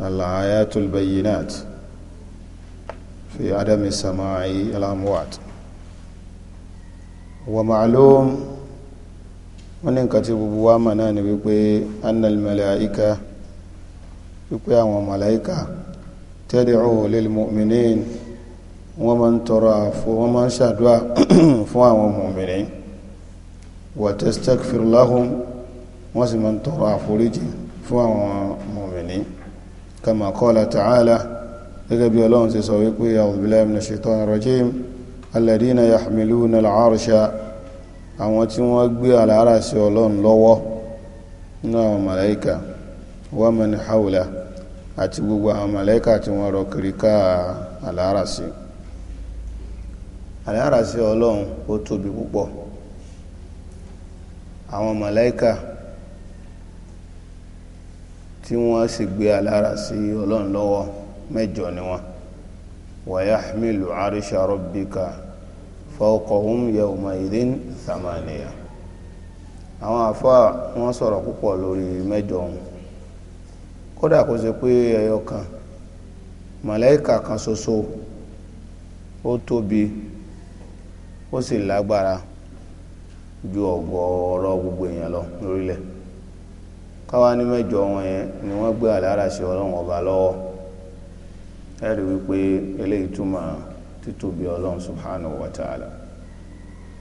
الآيات البينات في عدم سماع الأموات ومعلوم wọ́n ní nǹkan tí gbogbo wa mọ̀ náà ni wípé annal malaika wípé àwọn malaika tad'u lil mu'minin wọ́n máa ń tọrọ àfọ wọ́n máa ń ṣàdúrà fún àwọn mu'minin wa tastaghfir lahum wọ́n sì máa ń tọrọ àforíjì fún àwọn kama qala ta'ala gẹ́gẹ́ bí ọlọ́run ṣe sọ wípé a'udhu billahi minash shaitanir rajim alladhina yahmiluna al-arsha àwọn tí wọ́n gbé àlàárà sí ọlọ́run lọ́wọ́ nínú àwọn màláíkà wa man hawla àti gbogbo àwọn màláíkà tí wọ́n rọ kiri ká àlàárà sí àlàárà sí ọlọ́run ó tóbi púpọ̀ àwọn màláíkà tí wọ́n sì gbé alára sí ọlọ́run lọ́wọ́ mẹ́jọ ni wọ́n wa yahmilu arsha rabbika fawqahum yawma idhin thamaniya àwọn àfáà wọ́n sọ̀rọ̀ púpọ̀ lórí mẹ́jọ wọn kódà kó ṣe pé ẹyọ kan màláíkà kan ṣoṣo ó tóbi ó sì lágbára ju ọ̀gọ̀ọ̀rọ̀ gbogbo èèyàn lọ lórílẹ̀. káwá ní mẹ́jọ wọn yẹn ni wọ́n gbé àlára ṣe ọlọ́run ọba lọ́wọ́ ẹ̀rí wípé eléyìí túmọ̀ títóbi ọlọ́run subhanahu wa ta'ala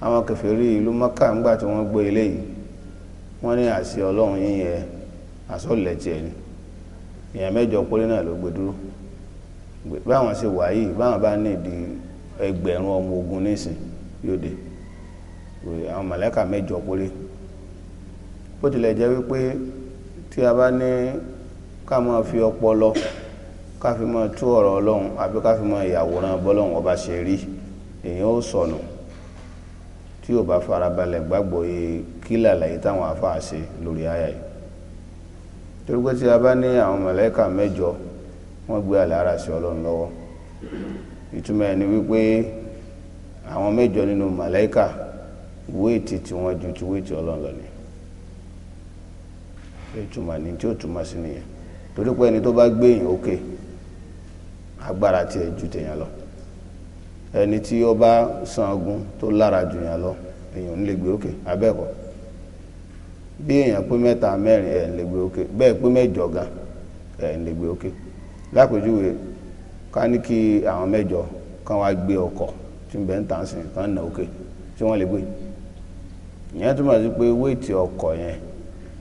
àwọn kèfèrí ìlú mọ́kà ńgbà tí wọ́n gbé eléyìí wọ́n ní àṣẹ ọlọ́run yẹn ni èèyàn mẹ́jọ péré náà ló gbé dúró báwọn ṣe wà yìí báwọn bá ní ìdí ẹgbẹ̀rún ọmọ ogun nísìn yóò dé tí a bá ní ká máa fi ọpọlọ ká fi máa tú ọ̀rọ̀ ọlọ́run àbí ká fi máa yàwòrán bọ́lọ́run ọba ṣe rí èèyàn ó sọnù tí ò bá farabalẹ̀ gbàgbọ́ yé kí làlàyé táwọn afáà ṣe lórí àyà yìí torí pé tí a bá ní àwọn mọ̀lẹ́kà mẹ́jọ wọ́n gbé àlàárà sí ọlọ́run lọ́wọ́ ìtumọ̀ ẹni wípé àwọn mẹ́jọ nínú mọ̀lẹ́kà wéètì tí wọ́n ju ti wéètì ọlọ́run lọ ni ìtumọ̀ ní tí ó túmọ̀ sí nìyẹn torí pé ẹni tó bá gbé èèyàn òkè agbára tiẹ̀ ju tèèyàn lọ ẹni tí ó bá san ogun tó lára ju yàn lọ èèyàn ń lè gbé òkè abẹ́ẹ̀kọ́ bí èèyàn pé mẹ́ta mẹ́rin ẹ̀ ń lè gbé òkè bẹ́ẹ̀ pé mẹ́jọ gan ẹ̀ ń lè gbé òkè lápèjúwe ká ní kí àwọn mẹ́jọ kan wá gbé ọkọ̀ tí ń bẹ ń tàn sí kan nà òkè tí wọ́n lè gbé ìyẹn túmọ̀ sí pé wéètì ọkọ̀ yẹn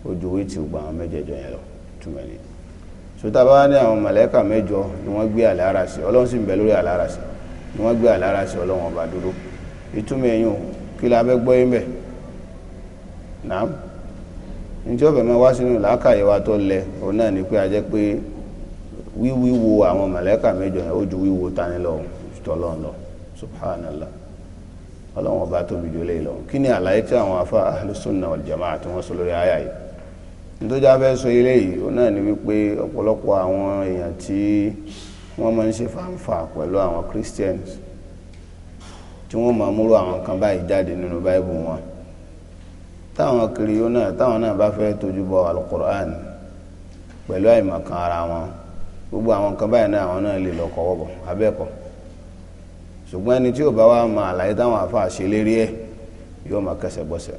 ó ju ti gbogbo àwọn mẹ́jẹ̀ẹ̀jọ yẹn lọ túmọ̀ ní bá ní àwọn mọ̀lẹ́kà mẹ́jọ ni wọ́n gbé sí ọlọ́run sì ń bẹ lórí àlára sí ni wọ́n gbé sí ọlọ́run ọba dúró ìtumọ̀ ẹ̀yìn kí la gbọ́ yín náà njẹ́ wá sínú làákàyè wa tó lẹ òun náà ni pé a jẹ́ pé àwọn mọ̀lẹ́kà mẹ́jọ yẹn tani lọ tọ́lọ́n lọ subhanallah ọlọ́run ọba tóbi jọlẹ́ lọ kí ni tí àwọn afa ahlus tó já fẹ́ sọ ilé yìí ó náà ni wípé ọ̀pọ̀lọpọ̀ àwọn èèyàn tí wọ́n máa ń ṣe fàǹfà pẹ̀lú àwọn Christians tí wọ́n máa múrò àwọn kan báyìí jáde nínú báìbù wọn táwọn kiri yóò náà táwọn náà bá fẹ́ tójú bọ alukur'an pẹ̀lú àìmọ̀kan ara wọn gbogbo àwọn kan báyìí náà àwọn náà lè lọ kọ́wọ́ bọ̀ abẹ́kọ̀ ṣùgbọ́n ẹni tí ò bá wà máa àlàyé táwọn àfa àṣelérí ẹ̀ yóò máa kẹsẹ̀ bọ́sẹ̀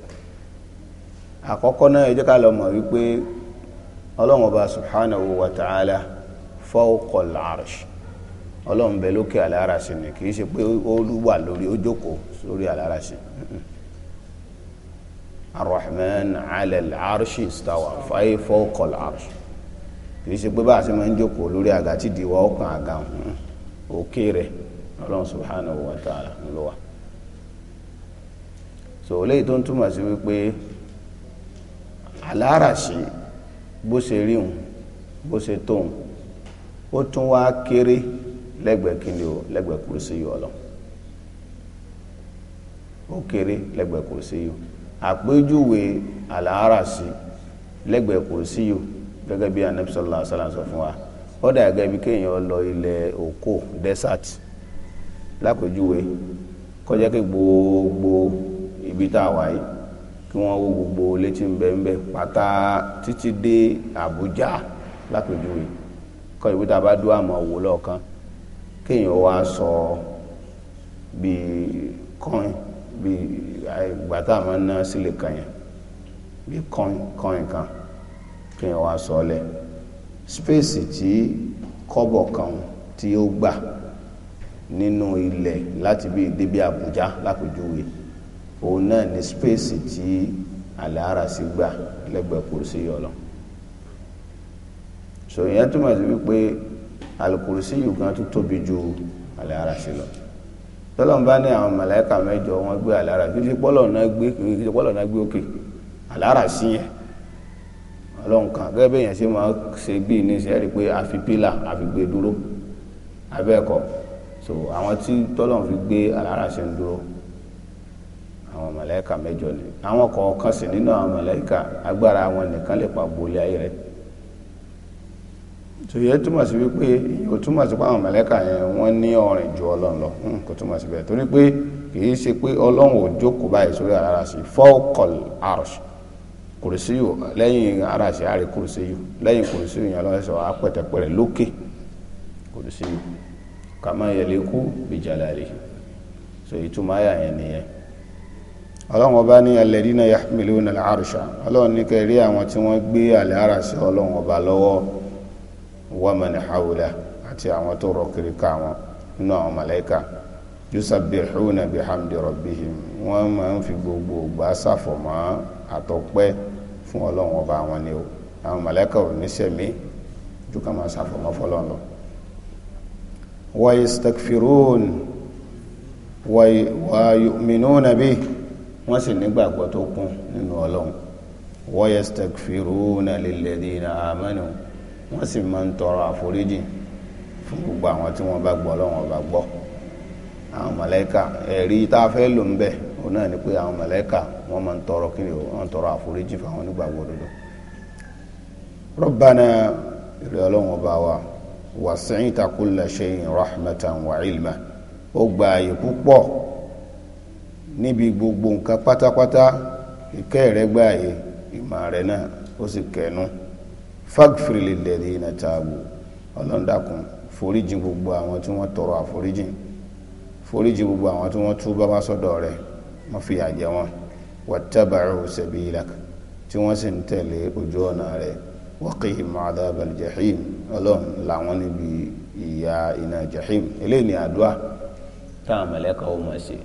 àkọ́kọ́ náà ẹ jẹ́ ká lọ mọ̀ wípé ọlọ́run ọba subhanahu wa ta'ala fawqal arsh ọlọ́run bẹ lókè alárasì ni kì ṣe pé ó wà lórí ó jókòó lórí arrahman arshi istawa fàáyé fawqal arsh ṣe pé bá aga ṣe ń jókòó lórí àga tí ọkàn àga òkè wa ta'ala ń wa so tó ń túmọ̀ àláràṣí bó ṣe rí òun bó ṣe tó òun ó tún wá kéré lẹ́gbẹ̀ẹ́ kíni o lẹ́gbẹ̀ẹ́ kùrùsí yìí ọlọ ó kéré lẹ́gbẹ̀ẹ́ kùrùsí yìí àpéjúwe àláràṣí lẹ́gbẹ̀ẹ́ kùrùsí yìí gẹ́gẹ́ bí anabi sallallahu alaihi wasallam sọ fún wa ó dà gẹ́gẹ́ bí kéèyàn lọ ilẹ̀ òkò desert lápèjúwe kọjá pé gbogbo ibi tá a wà kí wọ́n wo gbogbo létí ńbẹ́ńbẹ́ pátá títí dé Àbújá lápèjúwe kọ́ ìwé tá a bá dó àmọ́ wò lọ́ọ̀kan kéèyàn wá sọ bíi kọ́ìn bíi ìgbà tá a máa ná sílẹ̀ kan yẹn bíi kọ́ìn kọ́ìn kan kéèyàn wá sọ lẹ̀ spéèsì tí kọ́bọ̀ kan tí ó gbà nínú ilẹ̀ láti bíi débi Àbújá lápèjúwe. La òun náà ní spéèsì tí àlàárà sí gbà lẹ́gbẹ̀ẹ́ kùrùsí yìí ọlọ so ìyẹn túmọ̀ sí wípé alùkùrùsí yìí gan tó tóbi ju àlàárà sí lọ tọ́lọ́n bá ní àwọn màláíkà mẹ́jọ wọn gbé àlàárà kí ṣe pọ́lọ̀ náà gbé kí ṣe pọ́lọ̀ náà gbé òkè àlàárà sí yẹn ọlọ́run kan gẹ́gẹ́ bí èèyàn ṣe máa ṣe bí ní ṣe rí pé àfi pílà àfi gbé dúró abẹ́ẹ̀kọ́ so àwọn tí tọ́lọ́n fi gbé àlàárà ṣe ń dúró àwọn mọ̀lẹ́kà mẹ́jọ ni àwọn kọ̀ọ̀kan sì nínú àwọn mọ̀lẹ́kà agbára àwọn nìkan lè pa bolí ayé rẹ̀ tòyẹ túmọ̀ sí wípé o túmọ̀ sí pé àwọn mọ̀lẹ́kà yẹn wọ́n ní ọrìn ju ọlọ́run lọ hmm, kò túmọ̀ sí bẹ́ẹ̀ torí pé kì í ṣe pé ọlọ́run ò jókòó báyìí sórí ara sí fọ́ọ̀kọ̀l àrùsù kùrùsíyù lẹ́yìn ara sí àárẹ̀ kùrùsíyù lẹ́yìn kùrùsíyù yẹn lọ́wọ́ sọ apẹ̀tẹ̀pẹ̀rẹ̀ lókè kùrùsíyù kàmá yẹlẹ́kú bìjàlálì so ìtumọ̀ ayà yẹn nìyẹn ọlọ́run ọba ní alladhina yahmiluna al-arsha ọlọ́run ní kẹrí àwọn tí wọ́n gbé àlẹ́ ara sí ọlọ́run ọba lọ́wọ́ wa man hawlahu àti àwọn tó rọ kiri ká wọn nínú àwọn màláíkà yusabbihuna bihamdi rabbihim wọ́n máa ń fi gbogbo gbà sàfọ̀mọ́ àtọ́pẹ́ fún wa yastakfirun wa yu'minuna bihi wọ́n sì nígbàgbọ́ tó kún nínú ọlọ́run wa yastaghfiruna lilladhina amanu wọ́n sì máa ń tọrọ àforíjì fún gbogbo àwọn tí wọ́n bá gbọ́ ọlọ́run ọba gbọ́ àwọn mọ̀lẹ́kà ẹ̀rí tá a fẹ́ lò ń bẹ̀ òun náà ni pé àwọn mọ̀lẹ́kà wọ́n máa ń tọrọ kí ni wọ́n tọrọ àforíjì fún àwọn onígbàgbọ́ òdodo Rabbana ìrẹ́ ọlọ́run ọba wa wasi'ta kulla shay'in rahmatan wa ilma ó gba àyè púpọ̀ níbi gbogbo nǹkan pátápátá ìkẹ́ rẹ̀ gbáyé ìmọ̀ rẹ̀ náà ó sì kẹnu fagfirili lẹ́dí iná taabu ọlọ́ndàkùn foríjìn gbogbo àwọn tí wọ́n tọrọ àforíjìn gbogbo àwọn tí wọ́n túbọ̀ bá sọ́dọ̀ rẹ̀ wọ́n fi àjẹ wọn tí wọ́n sì ń tẹ̀lé ojú ọ̀nà rẹ̀ waqihim adhabal jahim ọlọ́run làwọn níbi iná jahim eléyìí ni táwọn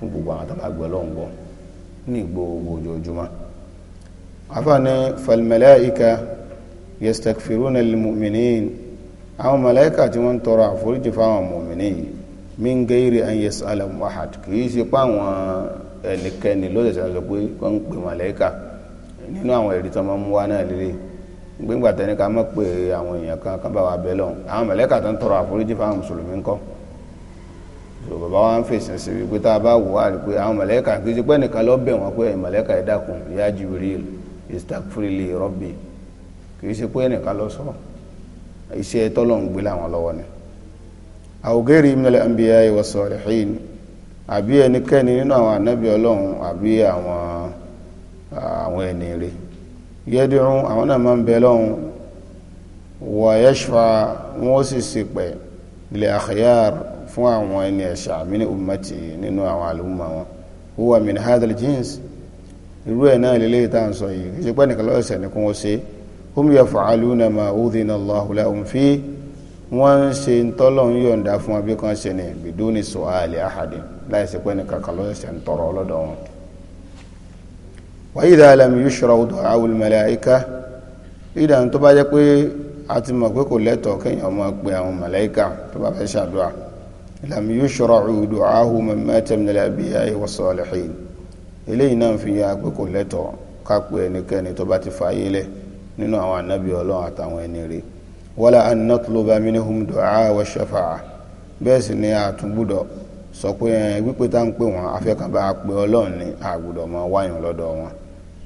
fún gbogbo àwọn tàbá gbọ́ lọ́hùn gbọ́ ní gbogbo ojoojúmọ́ afa ni falmalaika yastakfiruna lilmu'minin àwọn malaika tí wọ́n ń tọrọ àforíjì fáwọn mu'minin min gairi an yas'alahum ahad kì í ṣe páwọn ẹnikẹ́ni ló ṣẹ̀ṣẹ̀ sọ pé wọ́n ń pè malaika nínú àwọn ẹ̀rí tó máa ń wá náà lélẹ̀ gbígbà tẹnika mọ̀ pé àwọn èèyàn kan kan bá wa bẹ́ àwọn malaika tó ń tọrọ àforíjì fáwọn mùsùlùmí ńkọ́ so bàbá wa ń fèsì sí wípé tá a bá wò wá rí pé àwọn mọ̀lẹ́kà kì í ṣe pé nìkan lọ bẹ̀ wọ́n pé mọ̀lẹ́kà ẹ̀ dákun ya Jibril istagfirili rabbi kì í ṣe pé nìkan lọ sọ iṣẹ́ tọ́lọ̀ ń gbé làwọn lọ́wọ́ ni. àwògẹ́rì minal anbiya'i was salihin àbí ẹnikẹ́ni nínú àwọn ànábì ọlọ́run àbí àwọn àwọn ẹni rẹ̀ yẹ́dùn àwọn náà máa ń bẹ lọ́run wọ̀ọ́yẹ́ṣfà wọ́n sì fún àwọn ẹni ẹ̀ṣà min ummati nínú àwọn àlùmọ̀ wọn huwa min hadal jins irú ẹ̀ náà lélẹ́yìí tá à ń sọ yìí kì í ṣe pé nìkan lọ́sẹ̀ ni kún ó ṣe hum yaf'aluna ma udhina Allahu lahum fi wọ́n ń ṣe ń tọ́lọ̀ ń yọ̀ǹda fún wọn bí kan ṣe ni biduni su'ali ahadin láì ṣe pé nìkan kan ń tọrọ ọlọ́dọ̀ wọn. wa idha lam yushra'u du'a'u al-mala'ika ìdàn tó bá jẹ́ pé a ti mọ̀ pé kò lẹ́tọ̀ọ́ kéèyàn máa pe àwọn màláìka tó bá fẹ́ ṣàdúrà lam yushra'u du'ahu man mata min al-anbiya'i was-salihin eléyìí náà fi yà pé kò lẹ́tọ̀ ká pe ẹnikẹ́ni tó bá ti fààyè lẹ̀ nínú àwọn ànábì ọlọ́run àtàwọn ẹni rẹ̀ wala an natluba minhum du'a wa shafa'a bẹ́ẹ̀ sì ni àtúgbùdọ̀ sọ pé wípé tá ń pè wọ́n afẹ́kàn bá pe ọlọ́run ní àgbùdọ̀ máa wáyàn lọ́dọ̀ wọn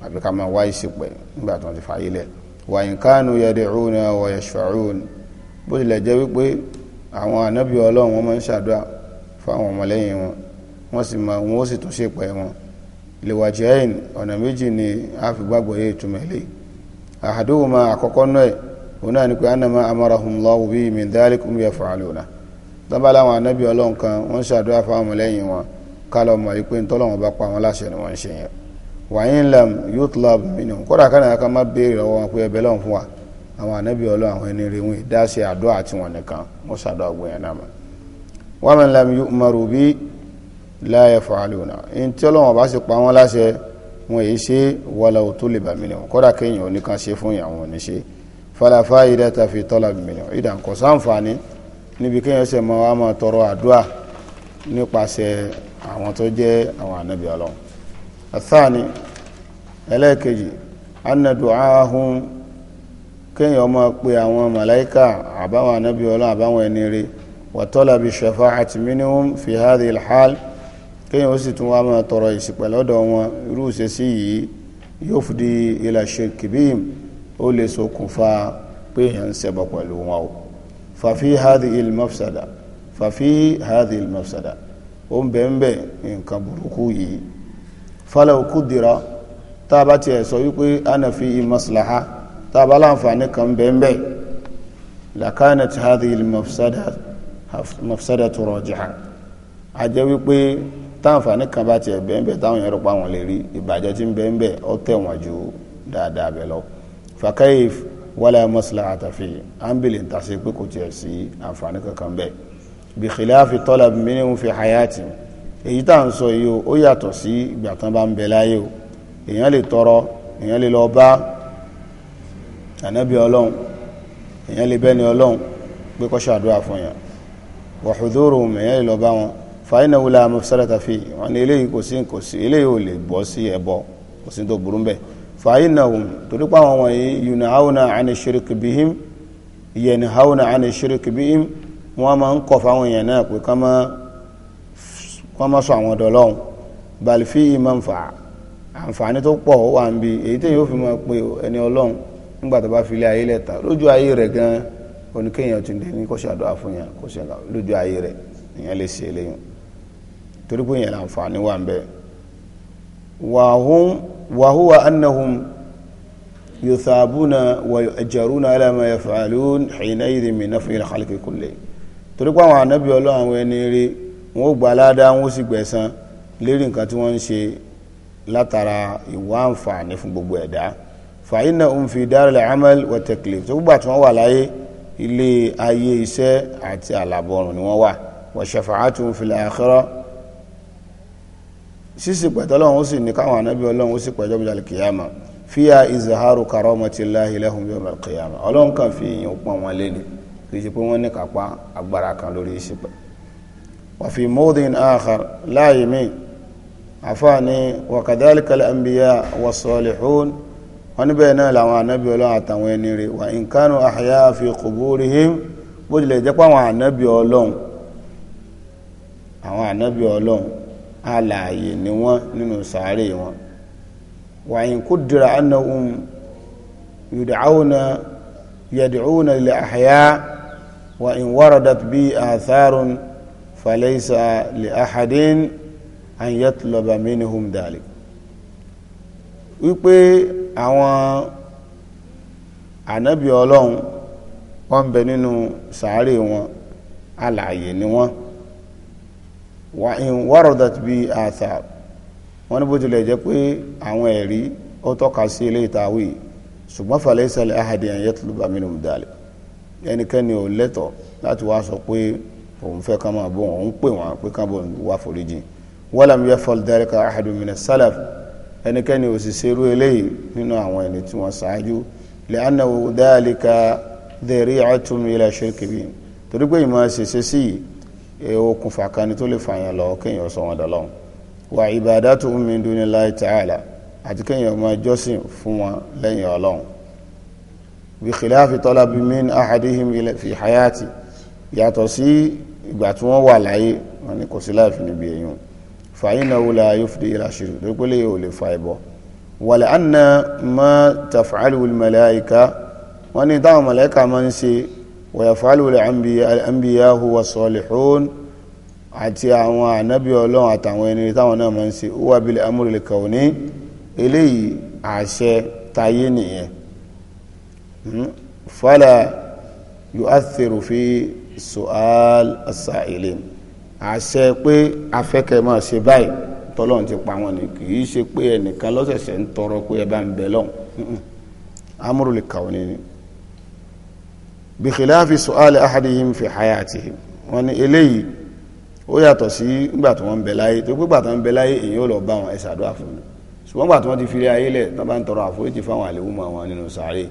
àbí ká máa wá ìsìpẹ̀ nígbà tó ti fààyè lẹ̀ wa in kanu yad'una wa yashfa'un bó tilẹ̀ jẹ́ wípé àwọn ànábì ọlọ́run wọn máa ń ṣàdúrà fáwọn ọmọlẹ́yìn wọn wọ́n sì máa wọ́n sì tún ṣe pẹ́ wọn ìlèwàjẹ́ ẹ̀yìn ọ̀nà méjì ni a fi gbàgbọ́ yé ìtumọ̀ ilé àhàdúhùn máa àkọ́kọ́ náà òun náà ni pé anamọ amarahum lọ́wọ́ bíi mindalikum yẹ fàálùnà tábà láwọn ànábì ọlọ́run kan wọ́n ṣàdúrà fáwọn ọmọlẹ́yìn wọn kálọ̀ mọ̀ wípé ntọ́lọ́wọ́n bá pa wọn láṣẹ ni wọ́n ń ṣe yẹn wàyín lam youth lab minimum kódà kánà ká má béèrè lọ́wọ́ wọn pé ẹbẹ̀ àwọn ànábì ọlọ́ àwọn ẹni rí wọn dá sí àdúrà tí wọn nìkan wọn sàdọ̀ ọgbìn yẹn náà mọ́ wọ́n mẹ́rin lẹ́mi yóò mọ̀rù bí láyé fàálùnà ní tí ọlọ́wọ́n bá sì pa wọ́n láṣẹ wọn èyí ṣe wọlé o tó lè bà mí nìwọ̀n kọ́dà kéèyàn oníkan ṣe fún ìyàwó ní ṣe falafá ìdá tàfi tọ́lá mi nìwọ̀n ìdá kò sáǹfààní níbi kéèyàn ṣe máa wá máa tọrọ àdúrà nípasẹ̀ àwọn tó jẹ́ àwọn ànábì ọlọ́wọ́n kéèyàn máa pe àwọn màláíkà àbáwọn anábì ọlọ́run àbáwọn ẹni rè wàtọ́lá bíi ṣẹ̀fà àti minimum fi hadhi alhal kéèyàn ó sì tún wá máa tọrọ ìṣìpẹ̀ lọ́dọ̀ wọn irú ìṣesí yìí yóò fi di ila shirkibim ó lè ṣokùnfà pé èèyàn ń ṣẹbọ pẹ̀lú wọn o fàfi hadhi ilmafsada fàfi hadhi ilmafsada ó ń bẹ̀ẹ́ nǹkan burúkú yìí falaw kudira tá a bá tiẹ̀ sọ wípé ana fi tábà láǹfààní kan bẹ́ẹ̀ lakana ti hadhihi mafsada rajiha a jẹ́ wípé táǹfààní kan bá tiẹ̀ bẹ́ẹ̀ táwọn yẹn rò pa wọn lè rí ìbàjẹ́ tí ń bẹ́ẹ̀ ó tẹ̀wọ̀n ju dáadáa bẹ́ẹ̀ lọ fàkàyèf wala maslahata fi ámbìlì ń tasí pé kò tiẹ̀ sí àǹfààní kankan bẹ́ẹ̀ bí khilafi talab minhum fi hayati èyí tá à ń sọ yìí ó yàtọ̀ sí ìgbà tán bá ń bẹ o èèyàn lè tọrọ èèyàn lè lọ bá tànábì ọlọ́run èyàn lè bẹ́ni ọlọ́run pé kó ṣàdúrà fún yàn wa huduruhum èyàn lè lọ bá wọn fa innahu la mafsadata fi wọn ni eléyìí kò sí kò sí eléyìí ò lè bọ́ sí ẹbọ kò sí tó burú bẹ́ẹ̀ fa innahum torí pa àwọn wọ̀nyí yunahawna ani shirk bihim yanhawna ani shirk bihim wọn máa ń kọ̀ fáwọn èèyàn náà pé kán má sọ àwọn dọlọ́run bal fihi manfa àǹfààní tó pọ̀ wà ń bi èyí téèyàn ó fi máa pe ẹni ọlọ́run nígbà tó bá fi ilé ayé lẹ́ta lójú ayé rẹ̀ gan oníkéèyàn ti dé ní kó ṣe àdúrà fún yàn kó ṣe lójú ayé rẹ̀ ìyẹn lè ṣe eléyìn torí pé ìyẹn láǹfààní wà ń bẹ wàhúwà annahum yòtàbùnà wà ẹjẹrùnà alama yaf'alun hìnà yìí mi náà fún ìlàkàlùkì kulli torí pé àwọn anábì ọlọ́run àwọn ẹni rí wọn ó gbà ládàá wọn ó sì gbẹ̀san lérí nǹkan tí wọ́n ń ṣe látara ìwà àǹfààní fún gbogbo ẹ̀dá fàyínà òun fi daril amal wa taklif tó gbà tí wọ́n wà láyé ilé ayé iṣẹ́ àti àlàbọ̀rùn ni wọ́n wà wa shafa'atun fil akhirah sísì pẹ̀tọ́ ọlọ́run ó sì ní káwọn anábí ọlọ́run ó sì pẹ̀jọ́ bí alkiyama fíya ìzàhárù karomatillahi lahum bí ọmọ alkiyama kan fi èèyàn pọ́n wọn lé kì í ṣe pé wọ́n ní kápá agbára kan lórí ìṣìpẹ̀ wà fi mọ́dín akhar láàyè mi àfáà ní wa kadhalika al-anbiya was-salihun wọ́n níbẹ̀ náà làwọn ànábì ọlọ́run àtàwọn ẹni rẹ̀ wà in kanu ahya fi quburihim bó tilẹ̀ jẹ́ pàwọn ànábì ọlọ́run àwọn ànábì ọlọ́run alààyè ni wọ́n nínú sàárè wọn wà in kudira annahum yud'auna yad'una lil ahya wà in waradat bi atharun falaysa li ahadin an yatlaba minhum dhalik wípé àwọn ànábì ọlọ́run wọ́n ń bẹ nínú sàárè wọn alààyè ni wọ́n wà ń wọ́rọ̀dàtì bí àṣà wọ́n ní bó tilẹ̀ jẹ́ pé àwọn ẹ̀rí ó tọ́ka sí ilé ìtawí ṣùgbọ́n falẹ̀ ìsàlẹ̀ ahadi ẹ̀yẹ tó ló bá mi nìmú dalẹ̀ ẹnikẹ́ni ò lẹ́tọ̀ láti wá sọ pé òun fẹ́ ká máa bọ̀ òun pè wọ́n pé ká bọ̀ wá foríjì wọ́n làmúyẹ́ fọl dárẹ́ka ahadu mina sálàfù ẹnikẹ́ni ò sì ṣerú eléyìí nínú àwọn ẹni tí wọ́n ṣáájú lè anáwó dáàlíka dẹ̀rí àtúnmí ilẹ̀ ṣèkìbí torí pé ìmọ̀ ṣèṣe sí okùnfà kan tó lè fàyàn lọ kéèyàn sọ wọn dọ̀lọ́ wà ìbádátù min dunillahi ta'ala àti kéèyàn máa jọ́sìn fún wọn lẹ́yìn ọlọ́run bí khilafi talabi min ahadihim fi hayati yàtọ̀ sí ìgbà tí wọ́n wà láyé wọn ni kò sí láìfi níbi èyí fàyínà wula yóò fi ìlà ṣirò tó pélé yóò lè fa ẹbọ wàlẹ̀ àná má tafàálù màláìka wọ́n ní táwọn màláìka máa ń ṣe wàyàfàálù àmbíyáhu wa sọ̀lìhún àti àwọn ànábì ọlọ́run àtàwọn ẹni táwọn náà máa ń ṣe ó wà bílẹ̀ amúrìlẹ̀ kàwọ́ní eléyìí àṣẹ tayé nìyẹn hmm? fàlà yóò fi sọ́àl àṣà ìlẹ́nu àṣẹ pé afẹ́kẹ́ máa ṣe báyìí tọ́lọ́run ti pa wọn ni kì í ṣe pé ẹnìkan lọ́sẹ̀ṣẹ̀ ń tọrọ pé ẹ bá ń bẹ lọ́hùn amúrúlé kàwọn ni bí khilafi su'ali ahadihim fi hayatihim wọn ni eléyìí ó yàtọ̀ sí nígbà tí wọ́n bẹ láyé tó gbégbà tí wọ́n bẹ láyé èyí ó lọ bá wọn ẹ ṣàdúrà fún mi ṣùgbọ́n gbà tí wọ́n ti fi rí ayé lẹ̀ tó bá ń tọrọ àforíjì fáwọn àlewú mọ́ wọn nínú sàárè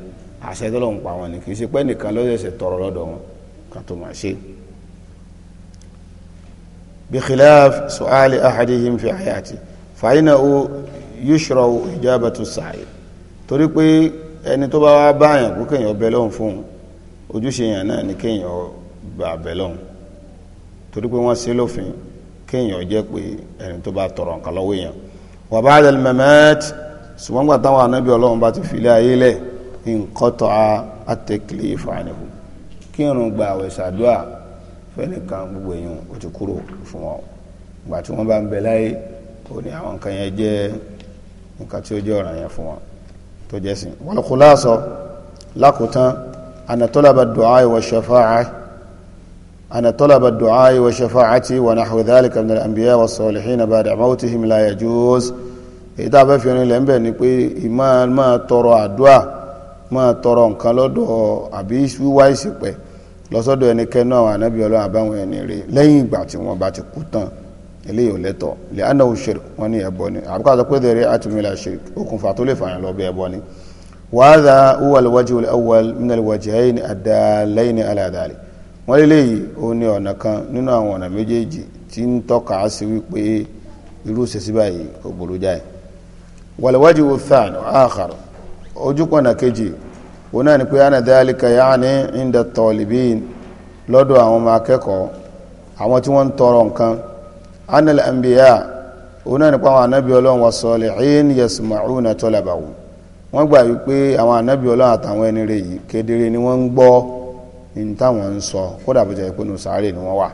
àṣẹ tọ́lọ́run pa wọn ni kì í ṣe pé ẹnìkan lọ́sẹ̀ṣẹ̀ tọrọ lọ́dọ̀ wọn ká máa ṣe بخلاف سؤال أحدهم في حياته فإنه يشرع إجابة السعيد؟ torí أن ẹni tó bá يبلون báyàn kó kéèyàn bẹ lọ́hùn fún ojúṣe yàn náà ni kéèyàn bá bẹ lọ́hùn torí pé wọ́n ṣe lófin kéèyàn jẹ́ pé ẹni tó bá tọrọ nǹkan lọ́wọ́ èèyàn wà bá dẹ̀ mẹ́mẹ́t ṣùgbọ́n gbà táwọn anábì ọlọ́run bá ti filé ayé lẹ̀ nǹkan tọ́ a àtẹ̀kìlì ìfààní kí irun gba àwẹ̀ fẹ́nìkan gbogbo èèyàn ó ti kúrò fún wọn ìgbà tí wọ́n bá ń bẹ láyé ó ní àwọn nǹkan yẹn jẹ́ nǹkan tí ó jẹ́ ọ̀ràn yẹn fún wọn tó jẹ́ sìn wal khulasa lákòótán ana talaba du'a wa shafa'a ana talaba du'a wa shafa'ati wa nahwu dhalika min al-anbiya wa salihin ba'da mawtihim la yajuz èyí tá a bá fi ẹni lẹ́ ń bẹ̀ ni pé ìmáa máa tọrọ àdúà máa tọrọ nǹkan lọ́dọ̀ àbí wíwá ìsìpẹ́ lọ́sọ́dọ̀ ẹnikẹ́ni àwọn anábì ọlọ́run àbáwọn ẹni rè lẹ́yìn ìgbà tí wọ́n bá ti kú tán eléyìí ò lẹ́tọ̀ lè ana ò ṣèrè wọ́n ní ẹ̀bọ ni àbúkà sọ pé dèrè àtìmílà ṣèrè okùnfà tó lè fààyàn lọ bí ẹ̀bọ ni. wàhálà uwal wájú awal minal wájú ẹyìn àdàlẹ́yìn aládàlẹ́ wọ́n léléyìí ó ní ọ̀nà kan nínú àwọn ọ̀nà méjèèjì tí ń tọ́ka sí wípé irú ṣèṣì báyìí kò burú jáì. wàlúwájú wò fàn áàkàr kejì òun náà ni pé ana dhalika yaani inda talibin lọ́dọ̀ àwọn ọmọ akẹ́kọ̀ọ́ àwọn tí wọ́n ń tọrọ nǹkan anil anbiya òun náà ni pé àwọn anábì ọlọ́run wa salihin yasma'una talabahu wọ́n gbà wípé àwọn anábì ọlọ́run àtàwọn ẹni rẹ̀ yìí kedere ni wọ́n ń gbọ́ ní táwọn ń sọ kódà bó pé nù sáré ni wọ́n wà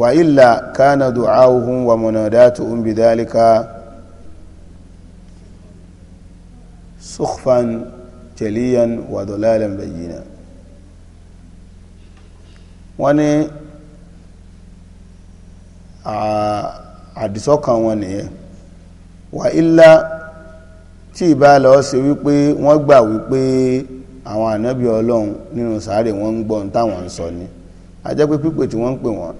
wà ilà kánà du'auhum wa munadatuhum bidhalika sukhfan jẹ̀líyàn wàdọ̀láàlẹ̀ bẹ̀yìnà wọ́n ní àdìsọ́kàn wọn nìyẹn wà ílá tí ìbá lọ sí wípé wọ́n gbà wípé àwọn ànábì ọlọ́run nínú sàárè wọ́n ń gbọ́ táwọn ń sọ ni a jẹ́ pé pípè tí wọ́n ń pè wọ́n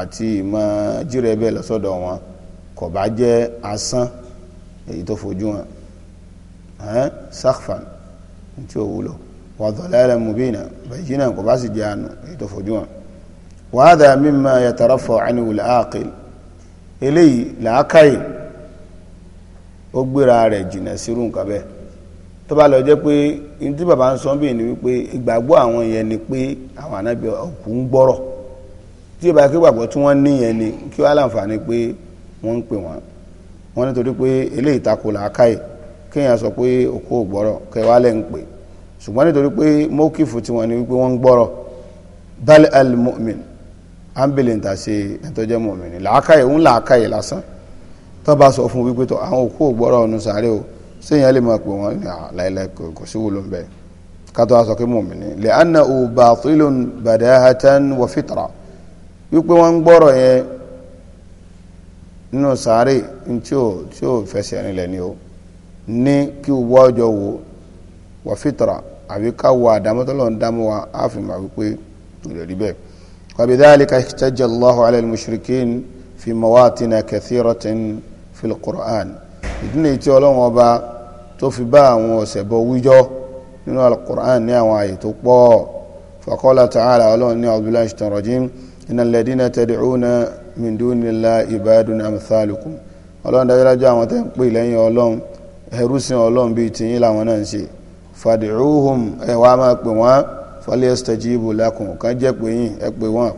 àti ìmọ̀ jírẹ̀ bẹ́ẹ̀ lọ́sọ́dọ̀ wọn kò bá jẹ́ asán èyí tó fojú wọn sáfàn eh? nke o wulo wazola iremubiina virginia ko ba si jianu e to fojuwa waada mimu ya tarafo a ni wula kai ile ila akae o gbera re ji na siru nkabe to ba lo je pe indi baba n san bi eni wipe igbagbo awon eni pe awon ana bi ogun boro ti o ba kibabo ti won ni eni nki o alamfani pe won pe won nitori kéèyàn sọ pé òkú ò gbọ́rọ̀ kẹwàá lẹ́ ń pè ṣùgbọ́n nítorí pé mọ́kìfù tí wọ́n ní wípé wọ́n ń gbọ́rọ̀ bal al-mu'min ambulance ta ṣe ẹ̀tọ́jẹ́ mu'min làákàyè ń làákàyè lásán tó bá sọ fún wípé tó àwọn òkú ò ọ̀nù sàárẹ̀ o séèyàn lè máa pè wọ́n ní àlàilẹ̀ kò sí wúlò ń bẹ́ẹ̀ kátó aṣọ kí mu'min ni li'annahu batilun badahatan wa fitra wípé wọ́n ń gbọ́rọ̀ yẹn nínú sàárẹ̀ tí ò fẹsẹ̀ nílẹ̀ ni o ní kí wọ́ ọjọ́ wo wà fìtàrà àbí ká wọ àdámọ́tọ́lọ́ ń dámọ́ wa á fi wípé ìrẹ̀ rí bẹ́ẹ̀. وبذلك احتج الله على المشركين في مواطن كثيرة في القرآن ìdúnnà tí ọlọ́wọ́n ọba tó fi bá àwọn ọ̀sẹ̀bọ wíjọ́ nínú alukur'an ní àwọn àyè tó pọ̀ faqala ta'ala ọlọ́run ní abdullahi shitan rajim innal ladina tad'una min dunillahi ibadun amthalukum ọlọ́run dájúdájú àwọn tẹ́ ń pè lẹ́yìn ọlọ́run ẹrúsìn ọlọ́run bíi tìyín làwọn náà ń ṣe fàdìrúhùn ẹ̀wà máa pè wọ́n fọlẹ́sítẹ̀jìbù lákùn kan jẹ́ pé yín ẹ pè wọ́n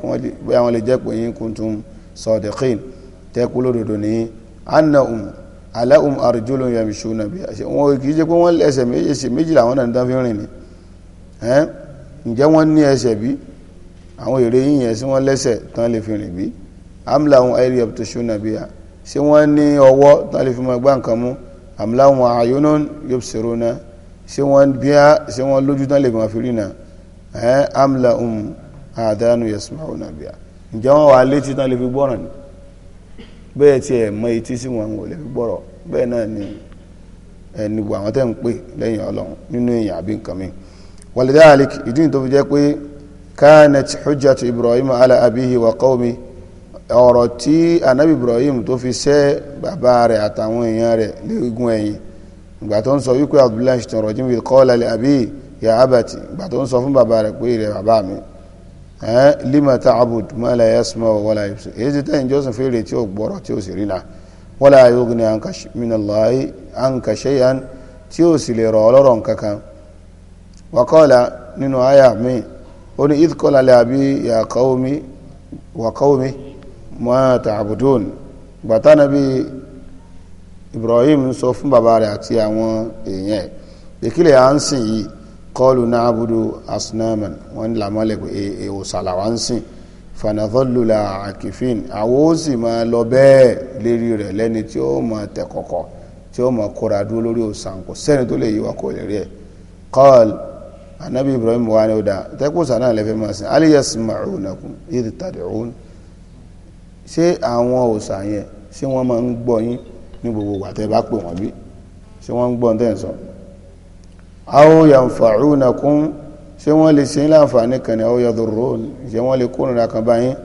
bí àwọn lè jẹ́ pé yín kuntum sadiqin tẹ́kú lódodo ní annahum alahum arjulun yamshuna biha ṣe wọn kì í ṣe pé wọ́n lẹ́sẹ̀ méjì méjì làwọn náà ń dán fi rìn ni ǹjẹ́ wọ́n ní ẹsẹ̀ bí àwọn èrè yín yẹn sí wọ́n lẹ́sẹ̀ tán lè fi rìn bí am lahum aydiyun yabtushuna biha ṣé wọ́n ní ọwọ́ tán lè fi máa gbá nǹkan mú am lahum a'yunun yubsiruna ṣé wọ́n bíá ṣé wọ́n lójú tán lè máa fi rí na am lahum adanu yasma'una biha ǹjẹ́ wọ́n wà létí tán lè fi gbọ́ràn ni bẹ́ẹ̀ tí ẹ̀ mọ etí sí wọn wò lè fi gbọ́rọ̀ bẹ́ẹ̀ náà ni ẹni wà wọ́n tẹ́ ń pè lẹ́yìn ọlọ́run nínú èèyàn àbí nǹkan mi walidhalik ìdí tó fi jẹ́ pé kanat hujjatu ibrahim ala abihi wa qawmi ọ̀rọ̀ tí anabi ibrahim tó fi sẹ́ bàbá rẹ̀ àtàwọn èèyàn rẹ̀ léegun ẹ̀yìn ìgbà tó ń sọ wípé abdullahi ṣe tọrọ jí mi qala li abi ya abati ìgbà tó ń sọ fún bàbá rẹ̀ pé ìrẹ̀ bàbá mi ẹ́ eh, lima ta'bud ma la yasma'u wa la yubsir èyí ti tẹ́yìn jọ́sìn fèrè tí ó gbọ́rọ̀ tí ó sì rí náà wa la yughni minallahi anka shay'an tí ó sì lè rọ̀ ọlọ́rọ̀ kankan wa nínú àyà mi ó ní idh qala li abi ya qawmi wa qawmi ma ta'budun bàtà nàbí Ibrahim sọ fún bàbá rẹ̀ àti àwọn èèyàn ẹ̀ ìkílẹ̀ à ń sìn yìí kọlu náà abudu asnaman wọn ní làmọ́lẹ̀ pé èèwò sàlàwà ń sìn fanadọ́lùlà àkìfín àwọn ó sì máa lọ bẹ́ẹ̀ lérí rẹ̀ lẹ́ni tí ó máa tẹ̀ tí ó máa kóra dúró lórí òsàn kò sẹ́ni tó lè yí wa lè rí ẹ̀ kọ́l anabi Ibrahim wa ni ó dá tẹ́kùsà náà lẹ́fẹ̀ẹ́ máa sìn aliyasma'unakum idh tad'un ṣé àwọn òòsà yẹn ṣé wọ́n máa ń gbọ́ yín ní gbogbo ìgbà tẹ́ bá pè wọ́n bí ṣé wọ́n ń gbọ́ tẹ́ ń sọ. aw yanfa'unakum ṣé wọ́n lè ṣe ń láǹfààní kan ní aw yadurrun ṣé wọ́n lè kórìíra kan bá yín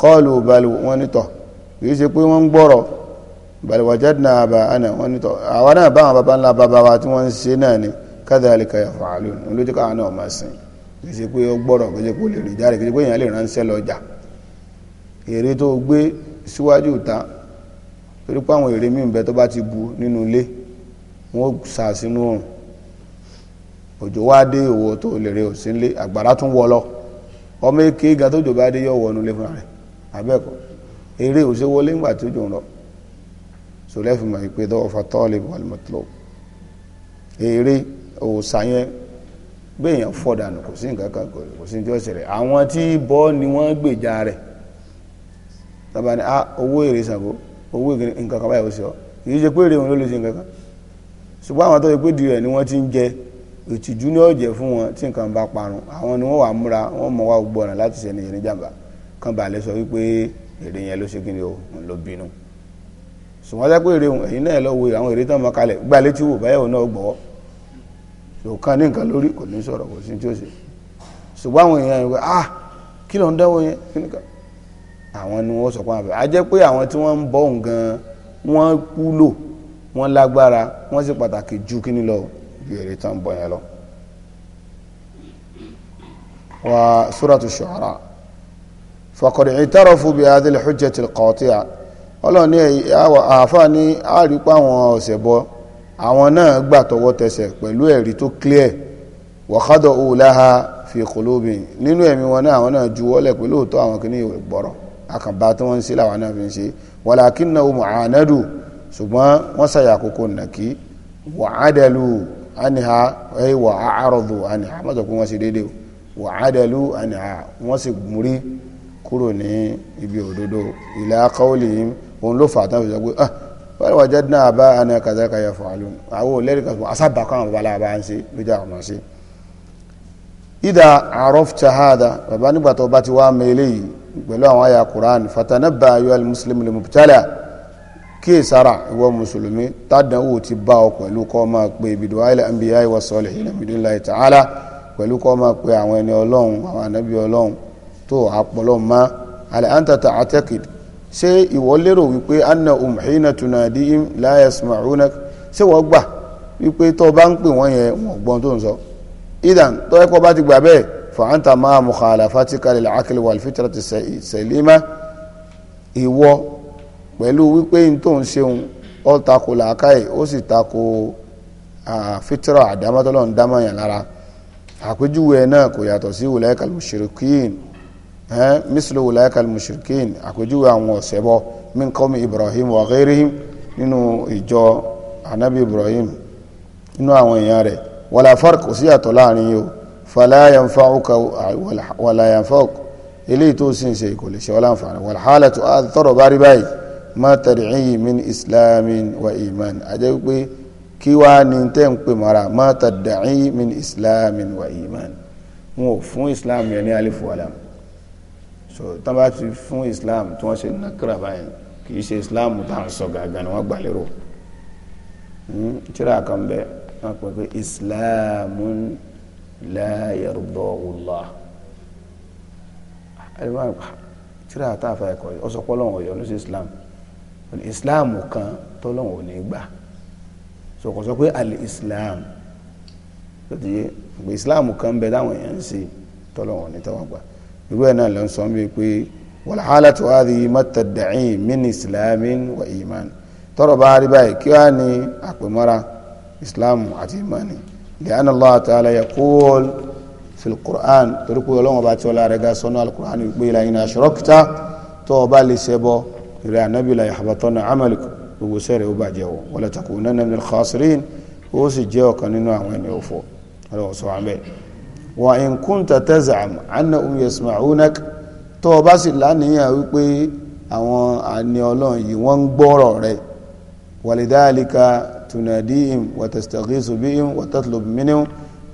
qalu bal wọ́n nítọ̀ kìí ṣe pé wọ́n ń gbọ́rọ̀ bal wajadna aba'ana wọ́n nítọ̀ àwa náà báwọn baba ńlá baba wa tí wọ́n ń ṣe náà èrè tó gbé síwájú ìta torí pé àwọn èrè míì ń bẹ tó bá ti bu nínú ilé wọn ó sà sínú oòrùn òjò wá dé ìwọ tó lè rè òsì nílé àgbàrá tún wọ lọ ọmọ èké ga tó jò bá dé yọ wọnú ilé fúnra rẹ̀ abẹ́ẹ̀kọ́ eré òsè wọlé ńgbà tó jò ń lọ sọlẹ́ fi mọ̀ ìpè dọ́wọ́ fa tọ́ọ̀lì wàlùmọ̀tìlọ́ eré òòsà yẹn gbẹ̀yàn fọ̀dànù kò sí nǹkan kan kò sí ní tí ó ṣẹlẹ̀ àwọn tí bọ́ ni wọ́n gbèjà rẹ̀ tàbá ni ah owó èrè Ṣàngó owó nǹkan kan báyìí ó ṣe ọ kì ṣe pé èrè wọn ló lè ṣe nǹkan ṣùgbọ́n àwọn tó ṣe pé di rẹ̀ ni wọ́n ti ń jẹ ìtìjú ní ọ̀jẹ̀ fún wọn tí nǹkan bá parun àwọn ni wọ́n wà múra wọ́n mọ̀ wá gbogbo ọ̀nà láti ṣe nìyẹn níjàmbá kan bá lè sọ wípé èrè yẹn ló ṣe kí ni o ló bínú ṣùgbọ́n jẹ́ pé èrè òun ẹ̀yin náà lọ àwọn èrè tán mọ kalẹ̀ gbà létí wò báyẹ̀wò náà gbọ́ ṣòkan ní nǹkan lórí kò ní sọ̀rọ̀ kò sí tí ó ṣe ṣùgbọ́n àwọn èèyàn rẹ̀ ah kí ló ń dáwọ́ yẹn kí nìkan àwọn ni wọ́n sọ pé àwọn a jẹ́ pé àwọn tí wọ́n ń bọ nǹkan wọ́n wúlò wọ́n lágbára wọ́n sì pàtàkì ju kíní lọ ju èrè tán bọ̀ yẹn lọ. wa suratu shu'ara faqad i'tarafu bi hadhihi al-hujjati al-qati'a ọlọ́ọ̀ni àáfàá ní àrípa àwọn ọ̀sẹ̀ bọ́ àwọn náà gbà tọwọ́ tẹsẹ̀ pẹ̀lú ẹ̀rí tó clear wàhádọ̀ òwúláha fi qulubin nínú ẹ̀mí wọn náà àwọn náà juwọ́lẹ̀ pé lóòótọ́ àwọn kìíní ìwé gbọ́rọ̀ akànbá tí wọ́n ń ṣe làwọn náà fi ń ṣe walakinnahu mu'anadu ṣùgbọ́n wọ́n ṣàyà àkókò nàkí wa'adalu anha ẹ̀yẹ wà á àrọ̀dù anha mọ́tò pé wọ́n ṣe déédéé wa'adalu anha wọ́n sì múrí kúrò ní ibi òdodo ila qawlihim òun ló fà tán fi sọ pé ah wọ́n wajadna aba'ana kadhalika yaf'alun àwọn olórí kan sọ asábà kan àwọn babalá bá ń ṣe lójú àwọn ọmọ ṣe. idha arafta hadha bàbá nígbà tó bá ti wá mọ pẹ̀lú àwọn àyà Quran fatanabba ayọ́ al-muslimu limubtala kíyèsára ìwọ mùsùlùmí tádànwò ti bá ọ pẹ̀lú kọ́ máa pe ibidu ayla anbiya wa salihin billahi ta'ala pẹ̀lú kọ́ máa pe àwọn ẹni ọlọ́run àwọn ànábì ọlọ́run tó àpọ̀lọ́ ma alẹ́ anta ta'atakid ṣé ìwọ lérò wípé anna umhina tunadihim la yasma'unak ṣé wọ́n gbà wípé tó bá ń pè wọ́n yẹn wọ́n gbọ́n tó ń sọ idan tó ẹ̀kọ́ bá ti gbà bẹ́ẹ̀ فأنت ما مخالفتك للعقل والفطرة السليمة هو pẹ̀lú wípé n tó ń ṣeun ó tako làákàyè ó sì tako fitra àdámọ́tọ́lọ́ ń dámọ́ yàn lára àpéjúwe náà kò yàtọ̀ sí wùláìkàl mushrikin mislu wùláìkàl mushrikin àpéjúwe àwọn ọ̀sẹ̀bọ min qawmi ibrahim wa ghairihim nínú ìjọ anabi ibrahim nínú àwọn èèyàn rẹ̀ wala kò sí yàtọ̀ láàrin yìí fala yanfa'uka wala yanfa'uk eléyìí tó sì ń ṣe kò lè ṣe wọ́n láǹfààní wal halatu tọrọ bá rí báyìí má tad'ihi min islamin wa iman àjẹ́ pé kí wá ní tẹ́ ń pè mara má tad'ihi min islamin wa iman wọn ò fún islam yẹn ní alifu alam so tán bá ti fún islam tí wọ́n ṣe nàkírà báyìí kì ṣe islam tá à ń sọ gàgà ni wọ́n gbà lérò hmm, tíra kan bẹ́ẹ̀ wọ́n pè pé islamun la yardahu Allah ẹlẹ́wọ̀n tíra àtàfà ẹ̀kọ́ ọ̀sọ̀pọ̀ lọ́wọ́ ọ̀yọ́ ní sí islam islam kan tọ́lọ́wọ́ ò ní gbà sọkọ sọ pé àlè islam lọ́dí ìgbé islam kan bẹ táwọn èèyàn ń ṣe tọ́lọ́wọ́ ò ní tọ́wọ́ gbà irú ẹ̀ náà lọ sọ mí pé wal halatu hadhihi matadda'i min islamin wa iman tọ́rọ̀ bá rí báyìí kí wàá ní àpèmọ́ra islam àti imani. لأن الله تعالى يقول في القرآن تقول لهم بات ولا رجع صنع القرآن يقول إن أشركت توبا لسبو إلى النبي لا يحبطن عملك وسير وبعجه ولا تكونن من الخاسرين وسجوا كان إنه وين يوفو وإن كنت تزعم أنهم يسمعونك توبا سلانيا ويقول àwọn àní ọlọ́run yìí wọ́n ń gbọ́rọ̀ tunadihim wàtẹ̀sítẹ̀gísù bíhim wàtẹ̀tìlùb mínú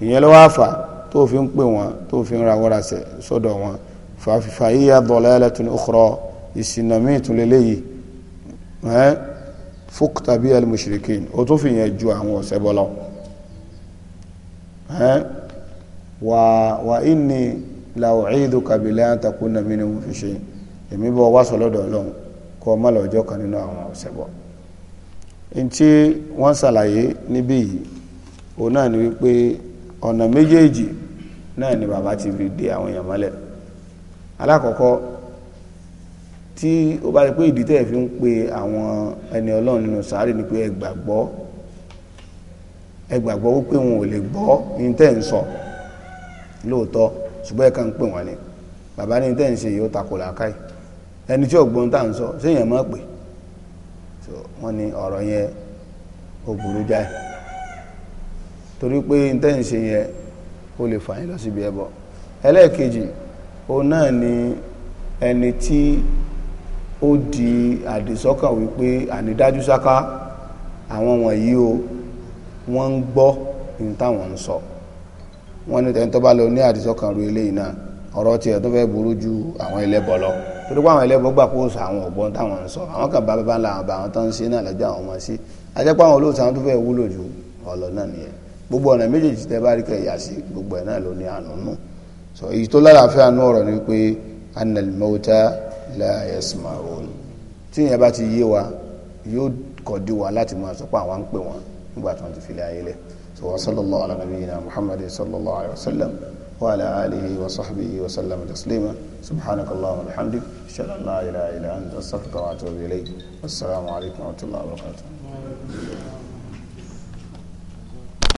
ìyẹn ló wá fà tó fi ń pè wọn tó fi ń ra wọ́ra sẹ̀ sọ́dọ̀ wọn fàfífà yìí yà dọ̀lá yẹlẹ̀ tún ọkọ̀rọ̀ ìsìnà míì tún lélẹ̀ yìí ẹ́ fúkúta bí ẹlẹ́ mushrikin ó fi yẹn ju àwọn ọ̀sẹ̀ bọ́ lọ wà wà inni làwọn ẹ̀yìndó kàbílẹ̀ àtàkùn nàmínú fi ṣe èmi bọ́ wá sọ lọ́dọ̀ ọlọ́run ọ má lọ́jọ́ kan nínú àwọn ọ̀sẹ̀ bọ́ n tí wọ́n ṣàlàyé níbí yìí òun náà ni wípé ọ̀nà méjèèjì náà ni bàbá ti fi dè àwọn èèyàn mọ́lẹ̀ alákọ̀ọ́kọ́ tí ó bá rí pé ìdí tẹ́ẹ̀ fi ń pe àwọn ẹni ọlọ́run nínú sàárè ni pé ẹ gbàgbọ́ ẹ gbàgbọ́ wípé wọn ò lè gbọ́ ní tẹ́ ń sọ lóòótọ́ ṣùgbọ́n ẹ kàn ń pè wọ́n ni bàbá ní tẹ́ ń ṣe yìí takò làákàyè ẹni tí ọ̀gbọ́n tá à ń sọ séèyàn má pè é so wọ́n ní ọ̀rọ̀ yẹn ó burú jáì torí pé intẹ́ǹṣe yẹn ó lè fà yín lọ síbi ẹbọ ẹlẹ́ẹ̀kejì òun náà ni ẹni tí ó di àdìsọ́kàn wípé ànídájú sáká àwọn wọ̀nyí o wọ́n ń gbọ́ ní táwọn ń sọ wọ́n ní tẹ́ni bá lọ ní àdìsọ́kàn ru eléyìí náà ọ̀rọ̀ tiẹ̀ tó fẹ́ burú ju àwọn ẹlẹ́bọ lọ torí pé àwọn ẹlẹ́bọ̀ gbà kó sọ àwọn ọ̀gbọ́n táwọn ń sọ àwọn kan bá bá la àwọn àwọn tó ń ṣe náà lọ́jọ́ àwọn ọmọ sí ajẹ́pọ̀ àwọn olóòtú àwọn tó fẹ́ wúlò ju ọ̀lọ́ náà nìyẹn gbogbo ọ̀nà méjèèjì tẹ́ bá rí kẹ́ yà sí gbogbo ẹ̀ náà ló ní àánú nù sọ èyí tó lálàáfíà nú ọ̀rọ̀ ni pé anal mauta la sọ سبحانك اللهم وبحمدك أشهد أن لا إله إلا أنت أستغفرك وأتوب إليك والسلام عليكم ورحمة الله وبركاته